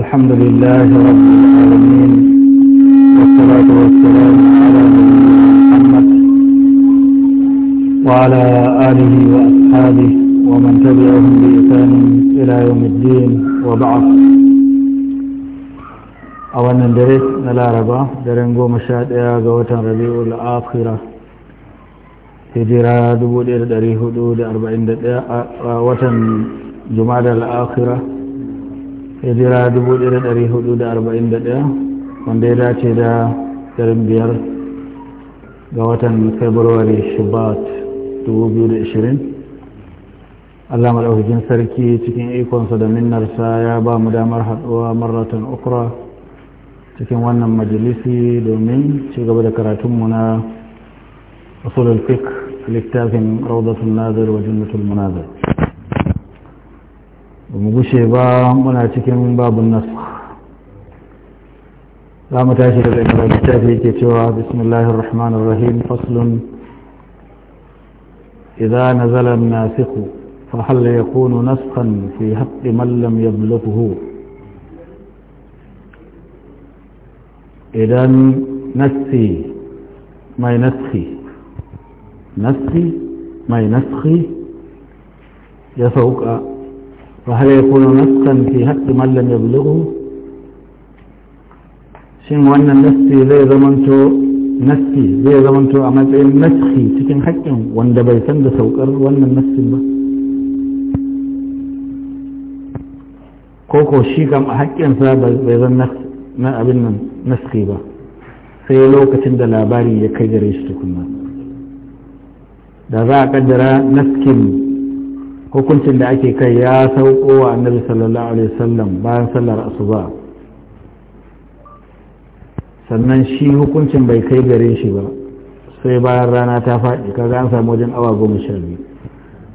الحمد لله رب العالمين والصلاة والسلام على محمد وعلى آله وأصحابه ومن تبعهم بإحسان إلى يوم الدين وبعد أولا درس نلا ربا درنجو مشاد يا جوتا ربيع الآخرة هجرة دبودير دري حدود أربعين دقيقة وطن جمعة الآخرة hijira 1441 wanda ya dace da biyar ga watan february shabbat 2020 allah maɗaukakin sarki cikin ikonsa da minnarsa ya ba mu damar haɗuwa maratan ukra cikin wannan majalisi domin ci gaba da karatunmu na usulul fiqh littafin rawdatul nazir wa jannatul munazir mu gushe ba muna cikin babun nasu za mu tashi daga inda littafi yake cewa bismillahir rahmanir rahim faslun idza nazala an-nasikhu fa hal yakunu nasxan fi haqqi man lam yablughu idan nassi mai nassi nassi mai nassi ya sauka وهل يكون نسخا في حق من لم shin wannan nassi zai zamanto nassi zai zamanto a matsayin naski cikin haƙƙin wanda bai san da saukar wannan nassin ba ko ko shi kam a haƙƙinsa bai zan na abin nan naski ba sai lokacin da labari ya kai gare shi tukunna da za a kaddara naskin hukuncin da ake kai ya sauko wa annabi sallallahu alaihi wasallam bayan sallar asuba sannan shi hukuncin bai kai gare shi ba sai bayan rana ta faɗi kaga an samu wajen awa goma sha biyu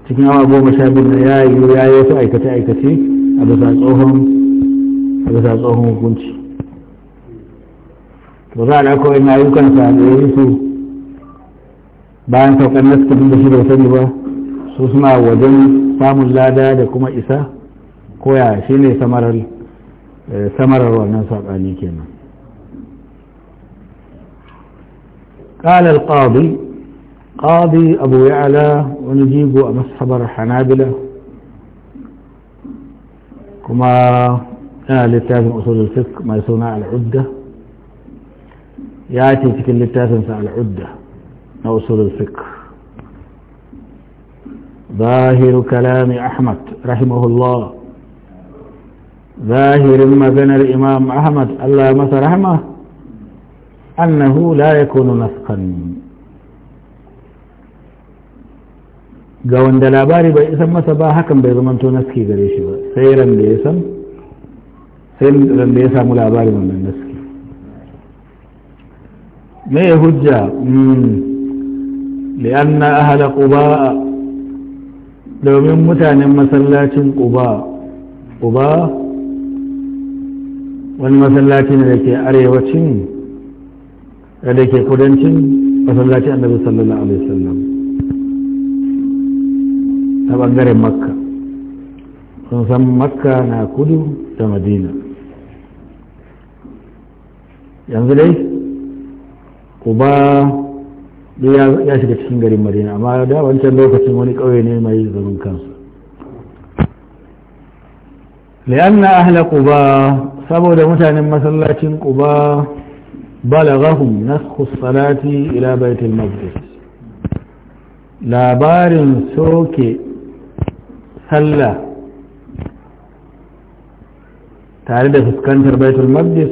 cikin awa goma sha biyu na ya yi ya yi wasu aikace aikace a bisa tsohon a bisa tsohon hukunci to za a da kawai na ayyukansa da ya yi su bayan saukar nasu da shi bai sani ba su suna wajen samun lada da kuma isa koya shi ne samarar wannan saɓani kenan قال القاضي قاضي أبو يعلى ونجيبه أمسحبر الحنابلة كما أنا آه، للتاسم أصول الفقه ما يسمى العدة يأتي في كل للتاسم العدة أصول الفقه ظاهر كلام أحمد رحمه الله ظاهر ما بين الإمام أحمد الله مس رحمه أنه لا يكون نسخا قوان دلاباري بإسم مسبا حكم بيضمن تنسكي قريشي سيرا بإسم سيرا بإسم الأباري من النسكي ما يهجى لأن أهل قباء domin mutanen masallacin Quba Quba wani ne da ke arewacin da ke kudancin masallacin annabi sallallahu alaihi wasallam ta ɓangaren makka sun san makka na kudu da madina yanzu dai Quba duk ya shiga cikin garin madina amma da wancan lokacin wani ƙauye ne mai zaman kansu li'anna ahla quba saboda mutanen masallacin quba balaghahum nasxu salati ila baitul maqdis labarin soke sallah tare da fuskantar baitul maqdis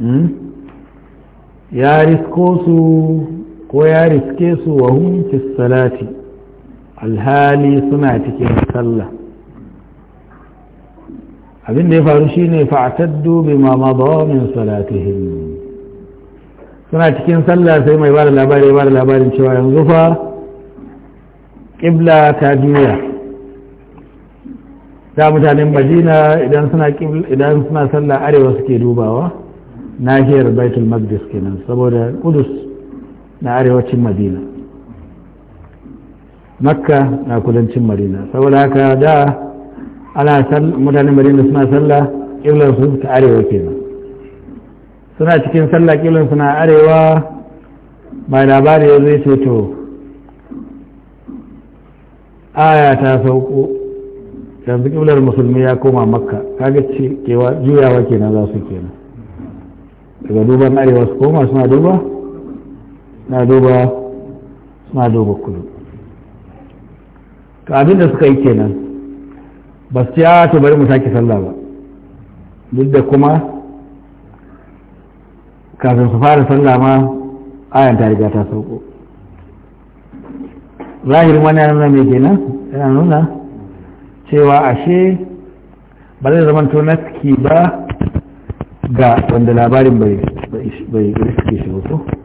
hmm, ya risko su ko ya riske su wa hunkis salati alhali suna cikin sallah abin da ya faru shine fa'taddu bima madha min salatihim suna cikin sallah sai mai bada labari bada labarin cewa yanzu fa ƙibla ta juya da mutanen madina idan suna idan suna sallah arewa suke dubawa nahiyar baitul maqdis kenan saboda kudus na arewacin madina makka na kudancin madina saboda haka da ana mutanen madina suna sallah ƙiblarsu ta arewa kenan suna cikin sallah ƙiblarsu na arewa mai labari ya zai ce to aya ta sauko yanzu ƙiblar musulmi ya koma makka kaga ce kewa juyawa kenan za su kenan daga duban arewa su koma suna duba na duba suna duba kudu to abinda suka yi kenan ba su ya ah, to bari mu sake sallah ba duk da kuma kafin su fara sallah ma ayan ta riga ta sauko zahirin wani yana nuna mai kenan yana nuna cewa ashe ba zai zama to ba ga wanda labarin bai bai shigo bai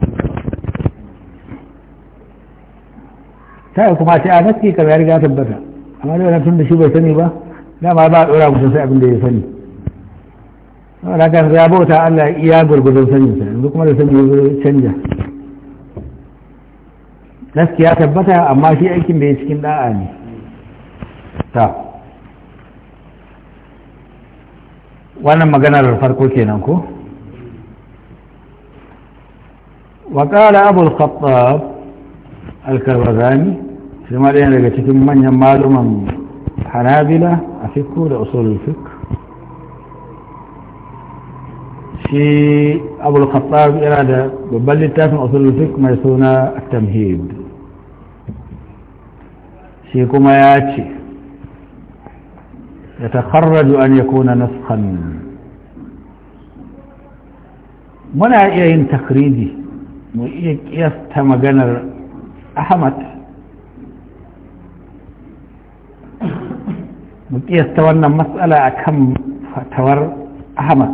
ta yi kuma sai a naske kamar ya riga tabbata amma da tun da shi bai sani ba dama ba a ɗora musu sai abin da ya sani saboda kan ya bauta Allah iya gurgurdun sani sa yanzu kuma da sani ya canja gaskiya tabbata amma shi aikin da ya cikin da'a ne ta wannan maganar farko kenan ko وقال أبو الخطاب alkarbazani shi ma ɗaya daga cikin manyan maluman hanabila a fikku da usulul fik shi abul khattab yana da babban littafin usulul fik mai suna tamhid shi kuma ya ce ya takarraju an yakuna naskhan muna iya yin takridi mu iya kiyasta maganar ahmad mu ƙiyasta wannan matsala akan fatawar ahmad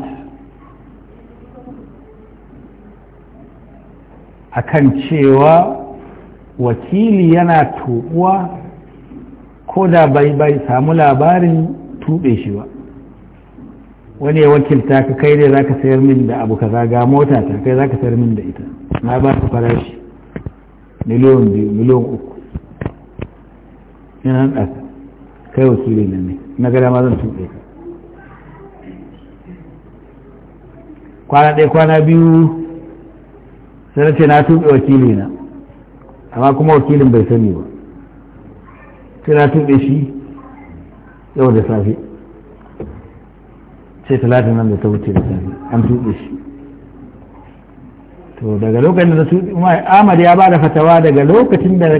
akan cewa wakili yana tuɓuwa ko da bai bai samu labarin tuɓe shi ba wani ya wakilta ka kai ne za ka sayar min da abu kaza ga mota ta kai za ka sayar min da ita na ba farashi miliyon biyu miliyon uku yana da kai wakili na ne na gada ma zan tuɗe ka kwana ɗaya kwana biyu sai na ce na tuɓe wakili na amma kuma wakilin bai sani ba sai na tuɓe shi yau da safe sai talatin nan da ta wuce da safe an tuɓe shi to daga lokacin da su Ahmad ya bada fatawa daga lokacin da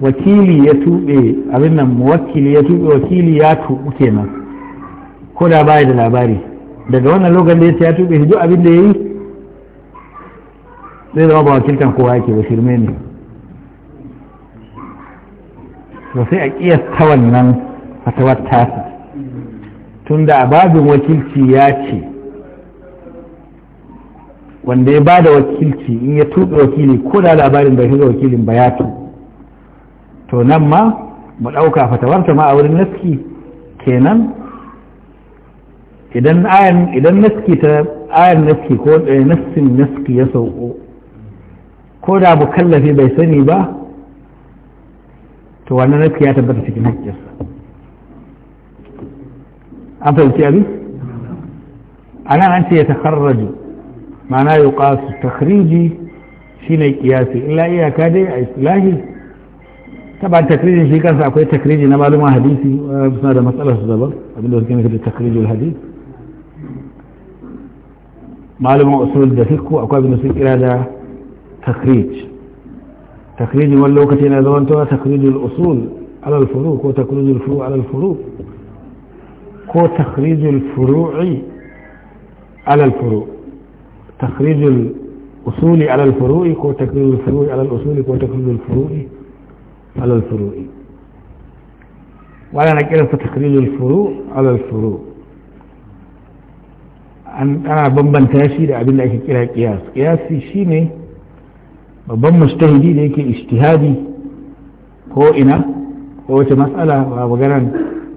wakili ya tuɓe abin nan wakili ya tuɓe wakili ya tuɓu kenan ko da baya da labari daga wannan lokacin da ya ya tuɓe shi duk abin da ya yi zai zama ba wakiltan kowa yake ba shirme ne to sai a kiyasta wannan fatawar tasa tun a babin wakilci ya ce wanda ya ba da wakilci in ya tuɓe wakili ko da labarin bai shiga wakilin ba ya to nan ma mu ɗauka fatawarta ma a wurin naski kenan idan ayan idan naski ta ayan naski ko eh, nassin naski ya sauko ko da kallafi bai sani ba to wannan naski ya tabbata cikin haƙƙinsa an fahimci abin a nan an ce ya takarraju ma'ana ya ƙasu takhriji shi ne ƙiyasi illa iyaka dai a islahi taba takrijin shi kansa akwai takriji na maluma hadisi eh, suna da matsalar su daban abinda suke nufi da takrijul hadisi malumin usul da fiqh akwai abinda sun kira da takrij takrijin wani lokaci na zamantowa takrijul usul alal furu ko takrijul furu alal furu ko takrijul furu'i alal furu' تخريج الأصول على الفروع كو تخريج الفروع على الأصول كو تخريج الفروع على الفروع ولا نكير تخريج الفروع على الفروع ana bambanta shi da abin da ake kira kiyas kiyasi shine babban mustahidi da yake ijtihadi ko ina ko wata matsala ba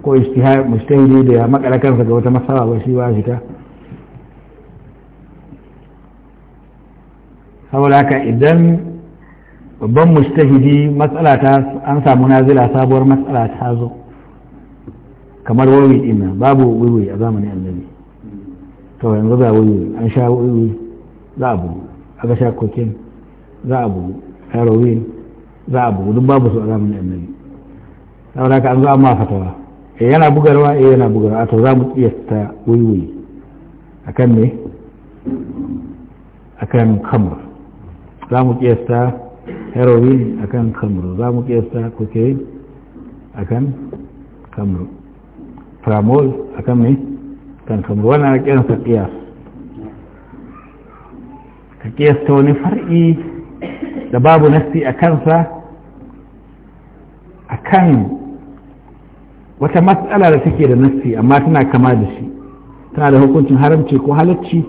ko ijtihadi da ya makala kansa ga wata matsala ba shi ba shi saboda haka idan babban mustahidi matsala ta an samu nazila sabuwar matsala ta zo kamar wawi din babu wiwi a zamanin annabi to yanzu ga wiwi an sha wiwi za a bugu aka sha kokin za a bugu heroin za a bugu duk babu su a zamanin annabi saboda haka an zo an ma fatawa eh yana bugarwa eh yana bugarwa to za mu tsiyasta wiwi akan me akan kamar za mu kiyasta heroin kan kamru za mu kiyasta cocaine kan kamru tramol kan mai kan kamru a kiyansa kiyas ka kiyasta wani far'i da babu nasti a kansa a kan wata matsala da take da nasti amma tana kama da shi tana da hukuncin haramci ko halacci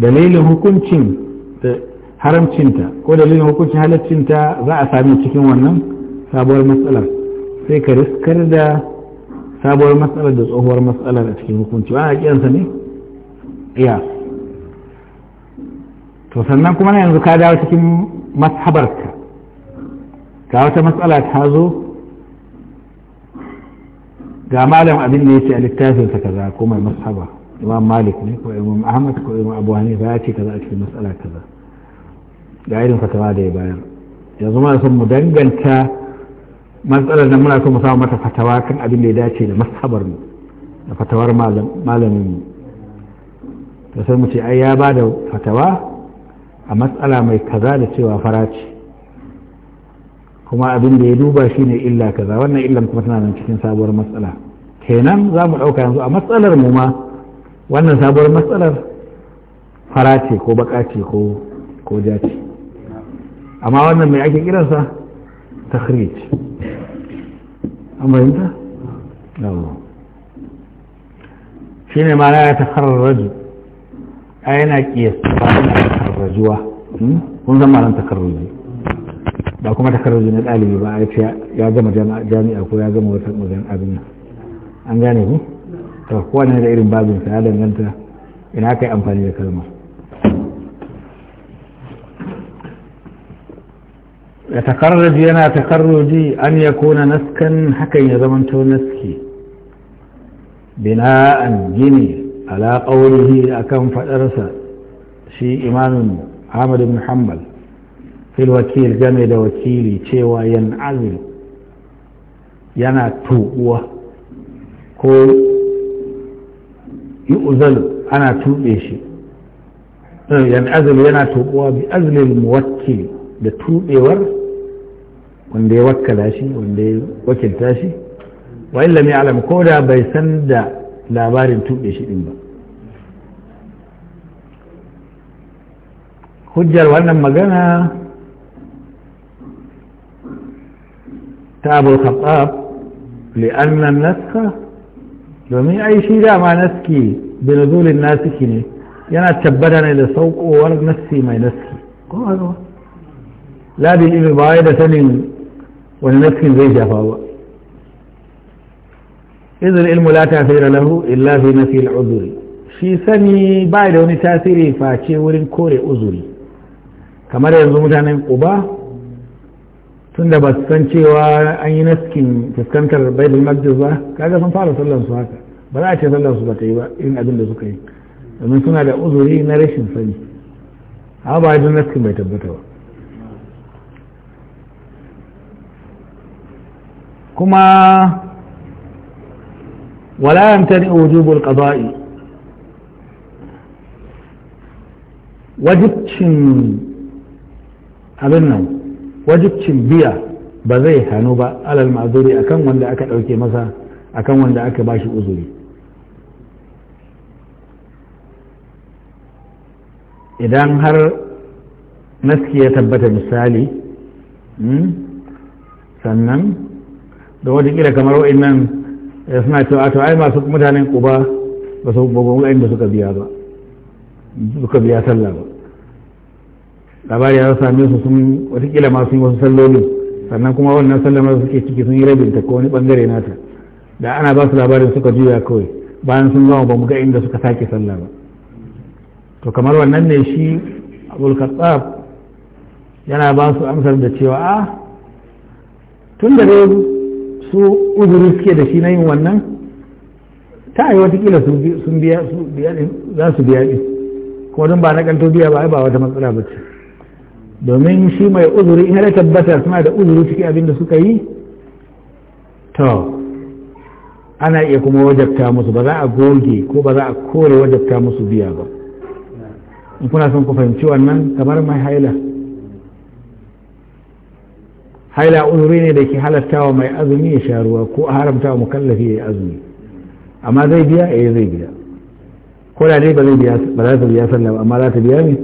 dalilin hukuncin da haramcinta ko dalilin hukuncin halaccinta za a sami cikin wannan sabuwar matsalar sai ka riskar da sabuwar matsalar da tsohuwar matsalar a cikin hukunci ana kiransa ne iya to sannan kuma yanzu ka dawo cikin mashabarka ga wata matsala ta zo ga malam abin da ya ce a littafinsa kaza ko mai mashaba imam malik ne ko imam ahmad ko imam abu hanifa ya ce kaza a cikin matsala kaza da irin fatawa da ya bayar yanzu muna son mu danganta matsalar da muna so mu samu mata fatawa kan abin da ya dace da masabar mu da fatawar malamin mu da sai mu ce ai ya ba da fatawa a matsala mai kaza da cewa farace. kuma abin da ya duba shine illa kaza wannan illan kuma tana nan cikin sabuwar matsala kenan za mu ɗauka yanzu a matsalar mu ma wannan sabuwar matsalar farace ko baka ce ko ja amma wannan mai ake kiransa takhrij an fahimta? shi ne ma ya takarraju a yana kiyasta ba yana takarrajuwa hmm? kun zama nan ran takarruji ba kuma takarruji na dalibi ba a ce ya gama jami'a ko ya gama wata magana abin nan an gane ne to kowane da irin babinsa ya danganta ina kai amfani da kalmar ya takarraji yana takarruji an ya kona naskan hakan ya zamanto naski bina'an gini ala qawlihi akan faɗarsa shi imamin Ahmad ibn Hanbal fil wakil game da wakili cewa 'yan yana ko ana tuɓe shi yana tuɓuwa bi azlil muwakkil da tuɓewar wanda ya wakkala shi wanda ya wakilta shi wa illa mai alam ko da bai san da labarin tuɓe shi ɗin ba hujjar wannan magana ta abu khattab li'annan naska domin ai shi dama naski bi nuzulin nasiki ne yana tabbata ne da saukowar nassi mai naski ko haka la bi ba da sanin wani naskin zai shafa ba izin ilmu la tasira lahu illa fi nafi uzuri shi sani ba da wani tasiri face wurin kore uzuri kamar yanzu mutanen uba tun da ba su san cewa an yi naskin fuskantar baitul magdis ba kaga sun fara sallan su haka ba za a ce sallan su ba ta yi ba irin abin da suka yi domin suna da uzuri na rashin sani amma ba naskin bai tabbata ba kuma wala yamtani wujubul qada'i wajibcin abin nan wajibcin biya ba zai hannu ba alal ma'azuri akan wanda aka ɗauke masa akan wanda aka bashi uzuri idan har naski ya tabbata misali hmm, sannan da watakila kamar wa'annan eh, suna cewa to ai masu mutanen kuba ba su wa'in da suka biya ba suka biya sallah ba labari ya same su sun watakila masu yi wasu salloli sannan kuma wannan sallama suke ciki sun yi rabin ta ko wani bangare nata da ana ba su labarin suka juya kawai bayan sun gama ba mu ga inda suka sake sallah ba to kamar wannan ne shi abul yana ba su amsar da cewa a ah, tun da dai su uzuri suke da shi na yin wannan ta yi watakila sun biya su biya za su biya din kuma don ba na kanto biya ba ba wata matsala ba ce domin shi mai uzuri in ya tabbata suna da uzuri cikin abin da suka yi to ana iya kuma wajabta musu ba za a goge ko ba za a kore wajabta musu biya ba in kuna son ku fahimci wannan kamar mai haila haila uzuri ne da ke wa mai azumi ya sha ruwa ko a wa mukallafi ya azumi amma zai biya eh zai biya ko da dai ba zai biya ba za ta biya sallah amma za ta biya ne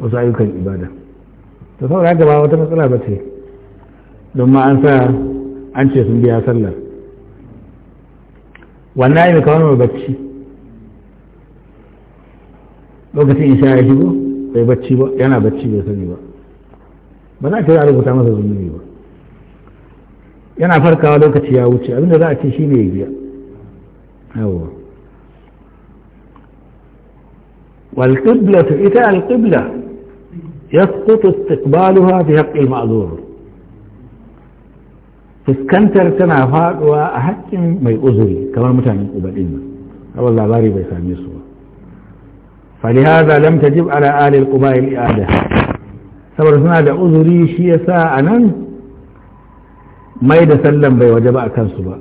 wasu ayyukan ibada to saboda haka ba wata matsala ba ce don ma an sa an ce sun biya sallah wannan ayyuka kawai mai bacci lokacin sha ya shigo bai bacci ba yana bacci bai sani ba ba za ta yi a rubuta masa zunubi ba yana farkawa lokaci ya wuce abinda za a ce shi ne ya biya yawa والقبلة إتاء القبلة يسقط استقبالها في حق المعذور fuskantar tana faduwa a haƙƙin mai uzuri kamar mutanen ubadin nan awal labari bai same su ba falihaza lam tajib ala alil qubayl i'ada saboda suna da uzuri shi yasa anan mai da sallan bai waje ba a kansu ba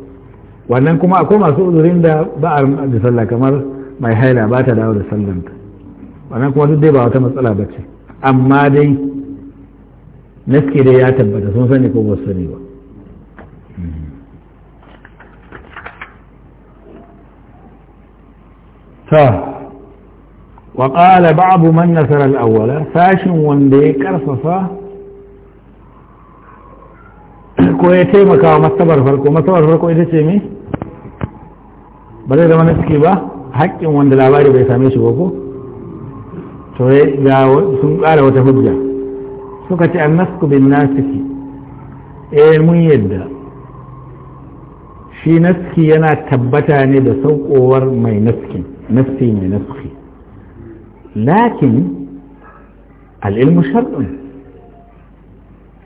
wannan kuma akwai masu uzurin da ba a da sallah kamar mai haila ba ta dawo da sallan ta wannan kuma duk dai ba wata matsala ba ce amma dai naske dai ya tabbata sun sani ko ba su sani ba ta وقال بعض من نصر الأول فاشن وندي كرصفة ko ya taimaka wa masabar farko masabar farko ita ce me ba zai zama na suke ba haƙƙin wanda labari bai same shi ba ko to ga sun ƙara wata hujja suka ce an nasku bin nasiki eh mun yadda shi naski yana tabbata ne da saukowar mai naski nafsi mai naski lakin al'ilmu shar'un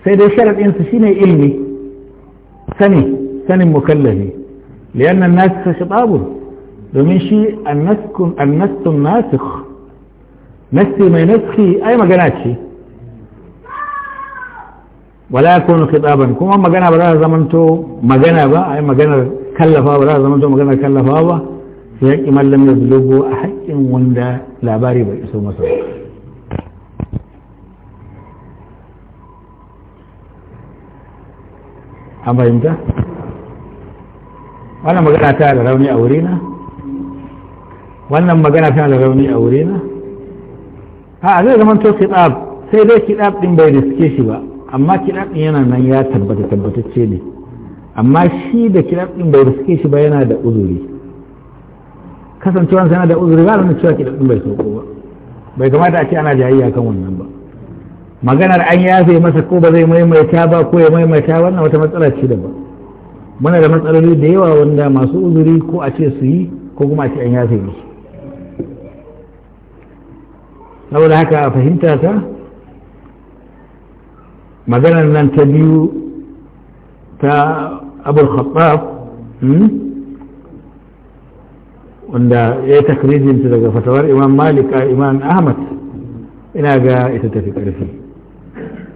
sai dai sharaɗinsa shine ilmi سني سني مكلفي لأن الناس شبابه ومن شيء ان نسكن ناسخ نسي ما ينسخي أي ما جناتشي ولا يكون خطابا كما ما جنا برا زمنتو ما جنا با أي ما جنا كلفا برا زمنتو ما جنا كلفا با فيك إما لم يبلغوا أحق وندا لا باري بيسو مسوك an fahimta wannan magana ta da rauni a wurina wannan magana ta da rauni a wurina a zai zama to kitab sai dai kitab din bai riske shi ba amma kitab din yana nan ya tabbata tabbatacce ne amma shi da kitab din bai riske shi ba yana da uzuri kasancewa yana da uzuri ba da cewa kitab din bai sauko ba bai kamata a ce ana jayayya kan wannan ba maganar an yafe masa ko ba zai maimaita ba ko ya maimaita wannan wata matsala ce da ba muna da matsaloli da yawa wanda masu uzuri ko a ce su yi ko kuma a ce an yafe musu saboda haka a fahimta ta maganar nan ta biyu ta abul khattab hmm, wanda ya yi takrijinta daga fatawar imam malik a imam ahmad ina ga ita tafi ƙarfi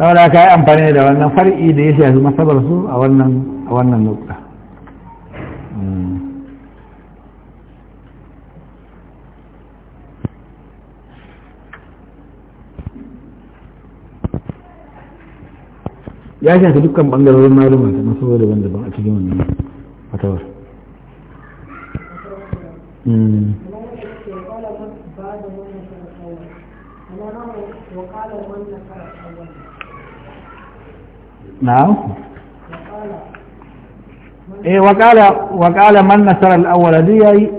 saboda ka yi amfani da wannan far'i da ya shafi masabar su a wannan a wannan nukta ya shafi dukkan bangarorin maluma ta masu daban-daban a cikin wannan fatawar hmm. na'am eh waƙala man nasara al'awwala duk yayi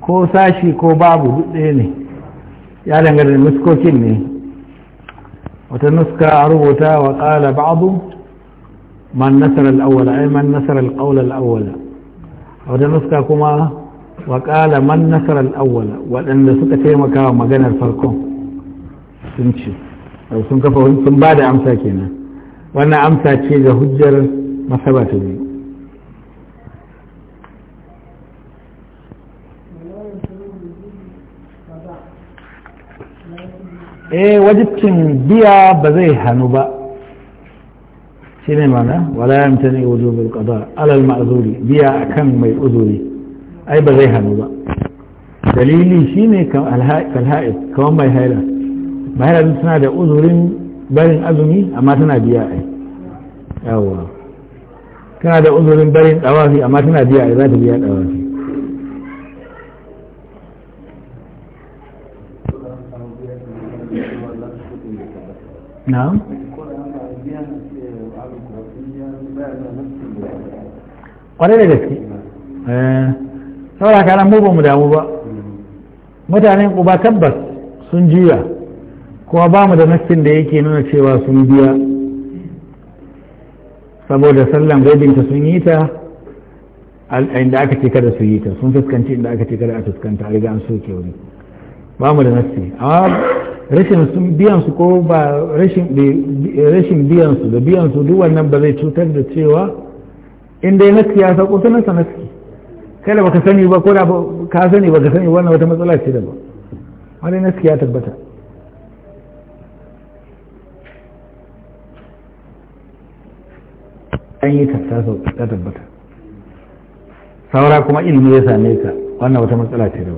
ko sashi ko babu duk ɗaya ne ya dangane da nuskokin ne wata nuska rubuta waƙala ba'adu man nasara al'awwala ai man nasara al'aula al'awwala wata nuska kuma waƙala man nasara al'awwala waɗanda suka taimakawa maganar farkon sun sun kafa sun ba da amsa kenan wannan amsa ce ga hujjar masaba ta biyu eh wajibcin biya ba zai hannu ba shi ne mana wala ya mutane wajibin qada alal ma'zuri biya akan mai uzuri ai ba zai hannu ba dalili shine kan alha'id kawan mai haila mai haila suna da uzurin barin azumi amma tana biya ai yawa tana da uzurin barin dawafi amma tana biya ai za ta biya dawafi na'am kwarai da gaske eh, saboda kanan mu ba mu damu ba mutanen ku ba tabbas sun juya kuma ba mu da nassin da yake nuna cewa sun biya saboda sallan gaibinta sun yi ta inda aka ce kada su yi ta sun fuskanci inda aka ce kada a fuskanta a riga an soke wuri ba mu da nassi amma rashin sun biyan su ko ba rashin biyan su da biyan su duk wannan ba zai cutar da cewa in dai nassi ya sauko su sa nassi kada baka sani ba ko da ka sani baka sani wannan wata matsala ce da ba wani nassi ya tabbata an yi tattaso ta tabbata saura kuma ilimi ya same ka wannan wata matsala ce da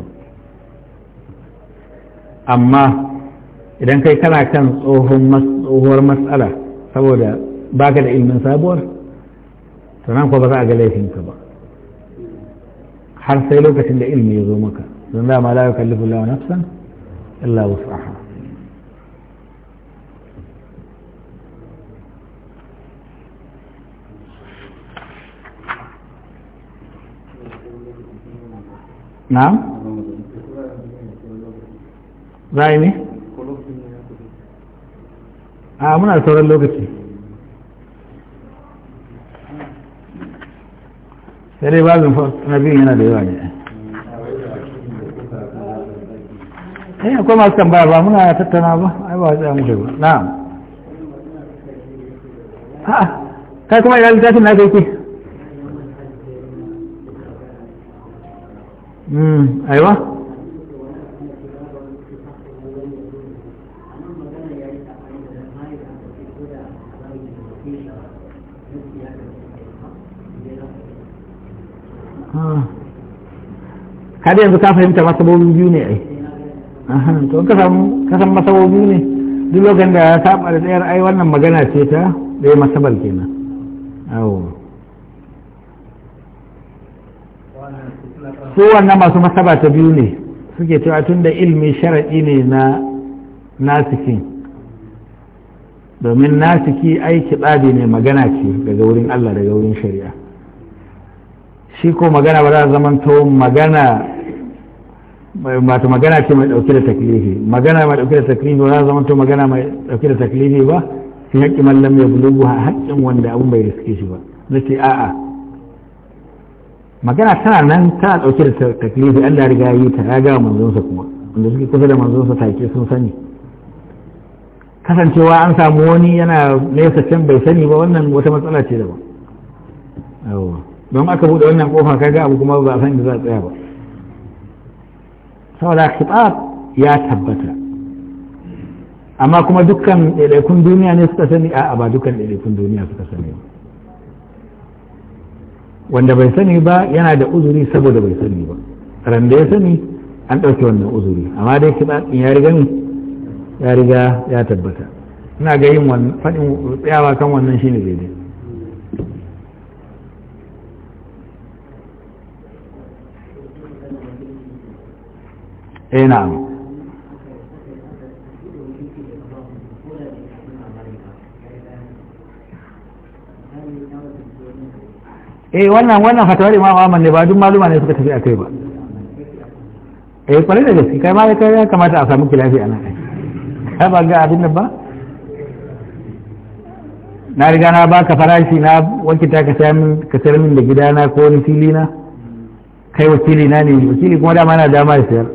amma idan kai kana kan tsohuwar matsala saboda baka da ilimin sabuwar to nan ko ba za a ga laifinka ba har sai lokacin da ilimi ya zo maka don dama la yukallifu lahu nafsan illa wus'aha na'am za yi ne ah, a muna sauran lokaci sai dai babin biyun yana da yawa ne eh akwai masu tambaya ba muna tattana ba ai ba tsaya muke ba na'am ah, kai kuma iyalin tashin na kai ke Hmm, aiwa ah. kada yanzu ka fahimta masabobi biyu ne ai to ka samu ka san masabobi ne duk lokacin da ya saba da tsayar ai wannan magana ce ta da masabar kenan awo su wannan masu masaba ta biyu ne suke cewa tun da ilmi sharaɗi ne na nasikin domin nasiki aiki ɗabi ne magana ce daga wurin Allah daga wurin shari'a shi ko magana ba za a zamanto magana wato magana ce mai ɗauke da taklifi magana mai ɗauke da taklifi ba za a zamanto magana mai ɗauke da taklifi ba fi haƙƙi mallam ya bulugu haƙƙin wanda abun bai riske shi ba na ce a'a magana tana nan tana ɗauke da taklifi Allah riga yi ta ya gawa manzonsa kuma wanda suke kusa da manzonsa take sun sani kasancewa an samu wani yana nesa can bai sani ba wannan wata matsala ce da ba don aka buɗe wannan kofa kaga abu kuma ba san da za a tsaya ba saboda khitab ya tabbata amma kuma dukkan ɗaiɗaikun duniya ne suka sani a ba dukkan ɗaiɗaikun duniya suka sani ba wanda bai sani ba yana da uzuri saboda bai sani ba ran da ya sani an ɗauke wannan uzuri amma dai kiɗa ya riga ya riga ya tabbata ina ga yin wannan faɗin tsayawa kan wannan shine daidai eh na'am eh wannan wannan fatawar imamu Ahmad ne ba duk maluma ne suka tafi a kai ba eh kwarai da gaske kai ma kai ya kamata a samu kilafi a nan kai ba ga abin nan ba na riga na ba ka farashi na wakita ka sayar min ka sayar min da gidana ko wani fili na kai wakili na ne wakili kuma dama na dama ya sayar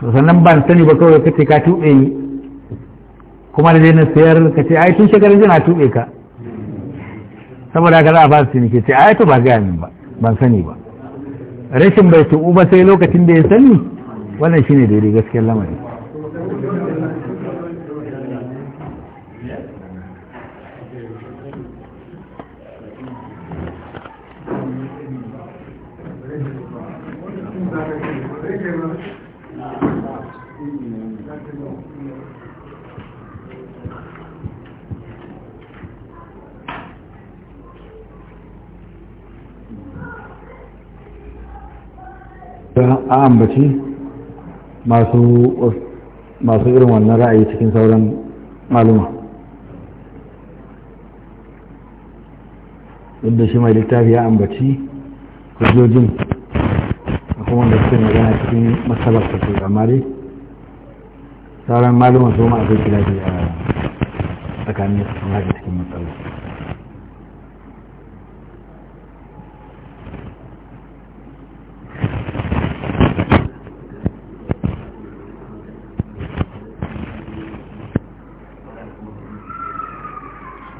to sannan ban sani ba kawai kace ka tuɓe ni kuma da na sayar ka ce ai tun shekarun jina tuɓe ka saboda haka za a ba su ke ce ai to ba ga min ba ban sani ba rashin bai tubu ba sai lokacin da ya sani wannan shine daidai gaskiyar lamari a ambaci masu irin wannan ra'ayi cikin sauran maluma inda shi mai littafi ya ambaci hujjojin a kuma da suke magana cikin matsalar sosai amma dai sauran maluma su ma kira kilafi a tsakanin su cikin matsalar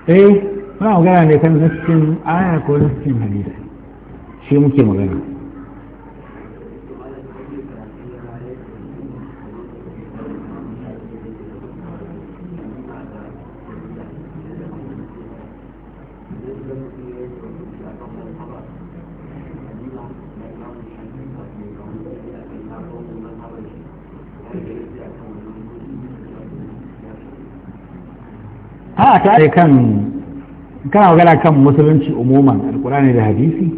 eh muna magana ne kan nassin aya ko nassin hadisi shi muke magana tare kan kana magana kan musulunci umuman alkurani da hadisi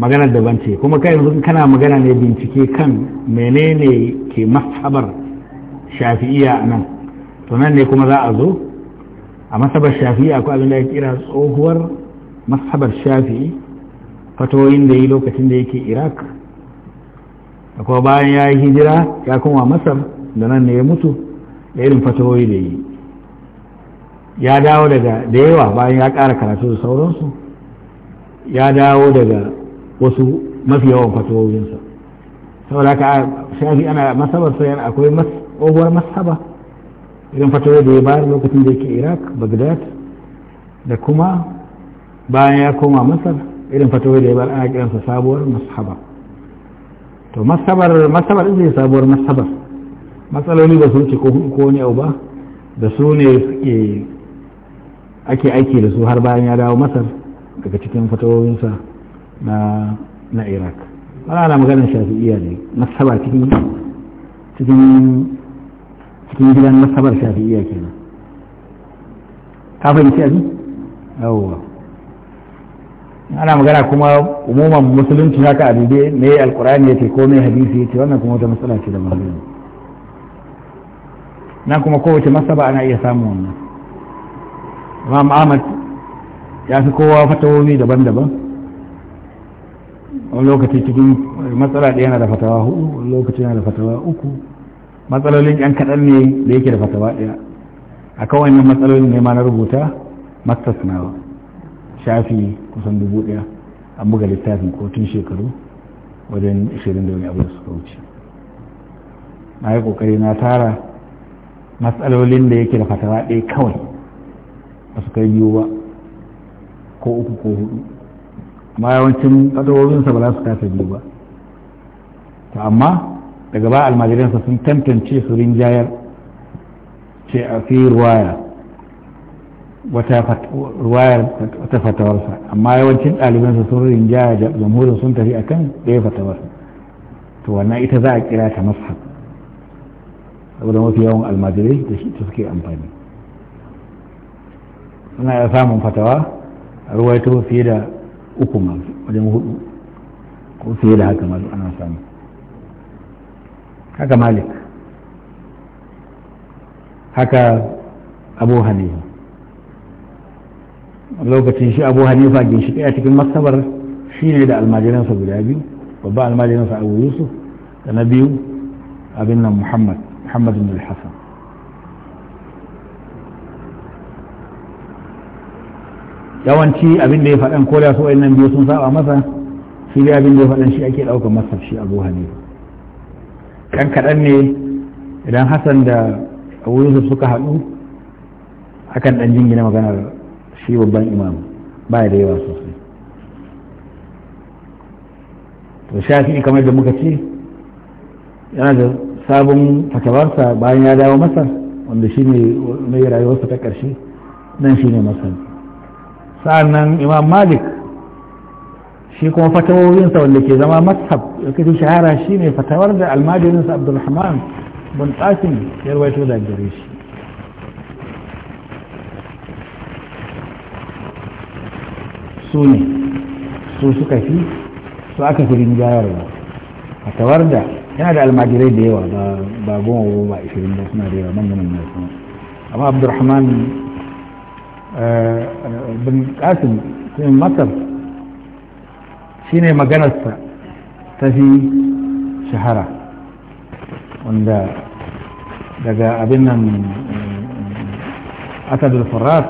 maganar daban ce kuma kai yanzu kana magana ne bincike kan menene ke masabar shafi'iya nan to nan ne kuma za a zo a masabar shafi'i akwai abin da ya kira tsohuwar masabar shafi'i fatoyin da yi lokacin da yake iraq akwai bayan ya yi hijira ya kuma masar da nan ne ya mutu da irin fatoyi da yi ya dawo daga da yawa bayan ya ƙara karatu da sauransu ya dawo daga wasu mafi yawan fatawoyinsa saboda ka shafi ana masabar sai akwai tsohuwar masaba irin fatawar da ya bayar lokacin da yake iraq bagdad da kuma bayan ya koma masar irin fatawar da ya bayar ana kiransa sabuwar masaba to masabar masabar zai sabuwar masabar matsaloli ba su wuce ko wani abu ba da su ne suke ake aiki da su har bayan ya dawo masar daga cikin fatawoyinsa na na iraq wani ana maganar shafi'iya ne masaba cikin cikin cikin gidan masabar shafi'iya kenan ka fahimci A yawwa ana magana kuma umuman musulunci haka a dube me alkurani yace ko me hadisi ce wannan kuma wata matsala ce da malamai nan kuma kowace masaba ana iya samun wannan imam ahmad ya fi kowa fatawomi daban-daban wani lokaci cikin matsala ɗaya na da fatawa hudu wani lokaci na da fatawa uku matsalolin yan kaɗan ne da yake da fatawa ɗaya a kawai matsalolin ne ma na rubuta masters nawa shafi kusan dubu ɗaya an buga littafin ko tun shekaru wajen shirin da wani abu da suka wuce na yi ƙoƙari na tara matsalolin da yake da fatawa ɗaya kawai ba su kai biyu ba ko uku ko hudu amma yawancin kadarorinsa ba za su kasa biyu ba to amma daga ba almajiransa sun tantance su rinjayar ce a fi ruwaya wata fatawarsa amma yawancin ɗalibansa sun rinjaya da sun tafi akan ɗaya fatawar to wannan ita za a kira ta masa saboda mafi yawan almajirai da shi suke amfani suna samun fatawa ruwaito fiye da uku masu wajen hudu ko fiye da haka masu ana samu haka malik haka abu hanifa lokacin shi abu hanifa ginshiki a cikin masabar shi ne da almajiransa guda biyu babba almajiransa abu yusuf da na biyu abin nan muhammad muhammad bin al-hassan yawanci abin da ya faɗan ko da su wayannan biyu sun saba masa shi da abin da ya faɗan shi ake ɗaukar masa shi abu hanifa kan kaɗan ne idan hassan da abu yusuf suka haɗu akan ɗan jingina maganar shi babban imam ba da yawa sosai to shafi kamar da muka ce yana da sabon fatawarsa bayan ya dawo masar wanda shi ne mai rayuwarsa ta ƙarshe nan shi ne masar sa'annan imam malik shi kuma fatawoyinsa wanda ke zama mashab ya kafi shahara shi ne fatawar da almajirinsa abdulrahman bin tsakin ya rawaito da gare shi su ne su suka fi su aka fi rinjayarwa fatawar da yana da almajirai da yawa ba goma ba ishirin ba suna da yawa manyan manyan amma abdulrahman bin kasim kuma masar shine maganarsa ta fi shahara wanda daga abin nan asadul farat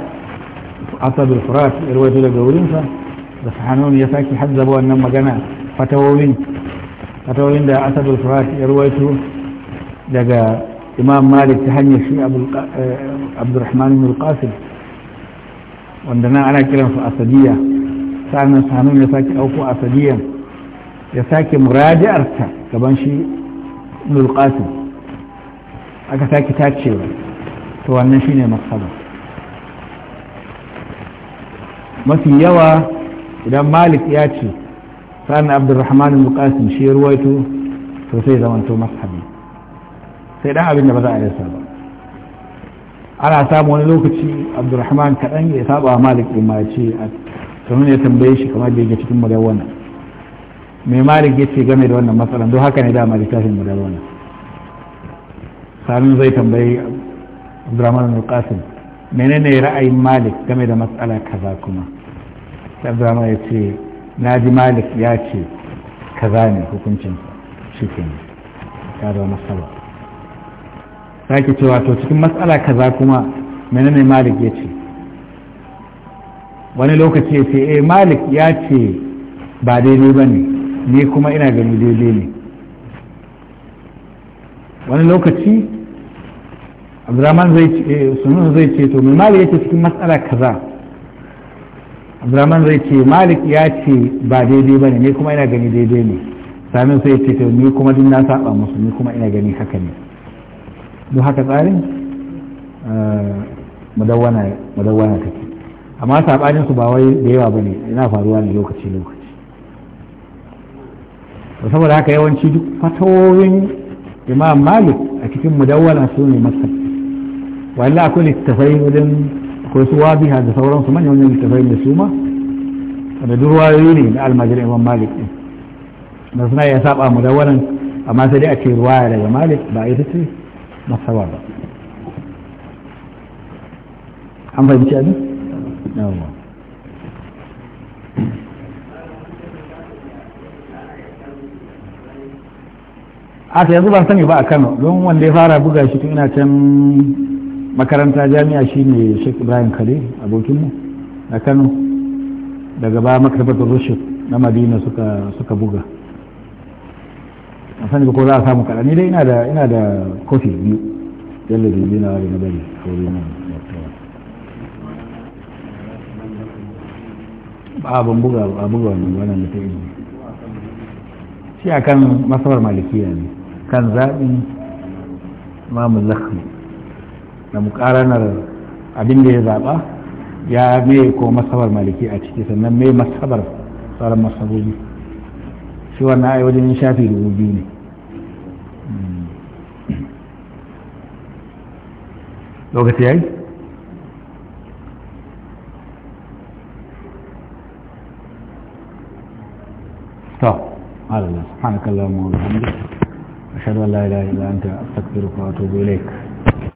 asadul farat irwaito daga wurinsa da sahanun ya sake hazzaba wannan magana fatawowin fatawowin da asadul farat irwaito daga imam malik ta hanyar shi abdurrahman bin qasim wanda nan ana kiransu asadiya sa'annan sanu ya sake auku asadiyan ya sake muraji'arta gaban shi nulqasim aka sake tacewa to wannan shine matsala mafi yawa idan malik ya ce sa'an abdurrahman al-qasim shi ruwaito to sai zamanto mashabi sai dan abin da ba za a rasa ba ana samu wani lokaci Abdulrahman kaɗan ya saba malik ɗin ma ce sannan ya tambaye shi kamar da yake cikin madar wannan mai malik ya ce game da wannan matsalan don haka ne dama littafin madar wannan sannan zai tambayi abdurrahman al-qasim menene ra'ayin malik game da matsala kaza kuma sai abdurrahman ya ce na ji malik ya ce kaza ne hukuncin shi ke ya zama matsala sake cewa to cikin matsala kaza kuma menene malik ya ce wani lokaci ya ce eh malik ya ce ba daidai ba ne ni kuma ina gani daidai ne wani lokaci abdurrahman zai ce eh, sunu zai ce to mai malik ya ce cikin matsala kaza abdurrahman zai ce malik ya ce ba daidai ba ne ni kuma ina gani daidai ne sami sai ya ce to ni kuma din na saba musu ni kuma ina gani haka ne duk haka tsarin eh, mudawwana take amma saɓanin su ba wai da yawa ba ne yana faruwa ne lokaci lokaci to saboda haka yawanci duk fatoyin imam malik a cikin mudawwana su ne masar walla akwai littafai wajen akwai su wabiha da sauransu manyan wajen littafai da su ma da durwayoyi ne na almajirin imam malik din da suna iya saɓa mudawwanan amma sai dai a ce ruwaya daga malik ba ita ce na an fahimci abin? yawon a ta yanzu ban sani ba a kano don wanda ya fara buga shi tun ina can makaranta jami'a shi ne sheikh ibrahim kare abokinmu na kano daga ba makarantar rushe na madina suka buga a sani ko za a samu kaɗa ni dai ina da ina da kofi biyu yalla da biyu na wari na bari ko yi na a ban buga a buga wani wannan da ta yi shi a kan masawar malikiya ne kan zaɓin mamun lakhmi na mukaranar abin da ya zaɓa ya mai ko masawar maliki a ciki sannan mai masabar tsarin masabobi shi wannan ai wajen shafi dubu biyu ne lokaci yayi to Allah subhanakallahumma wa bihamdika ashhadu an la ilaha illa anta astaghfiruka wa atubu ilaik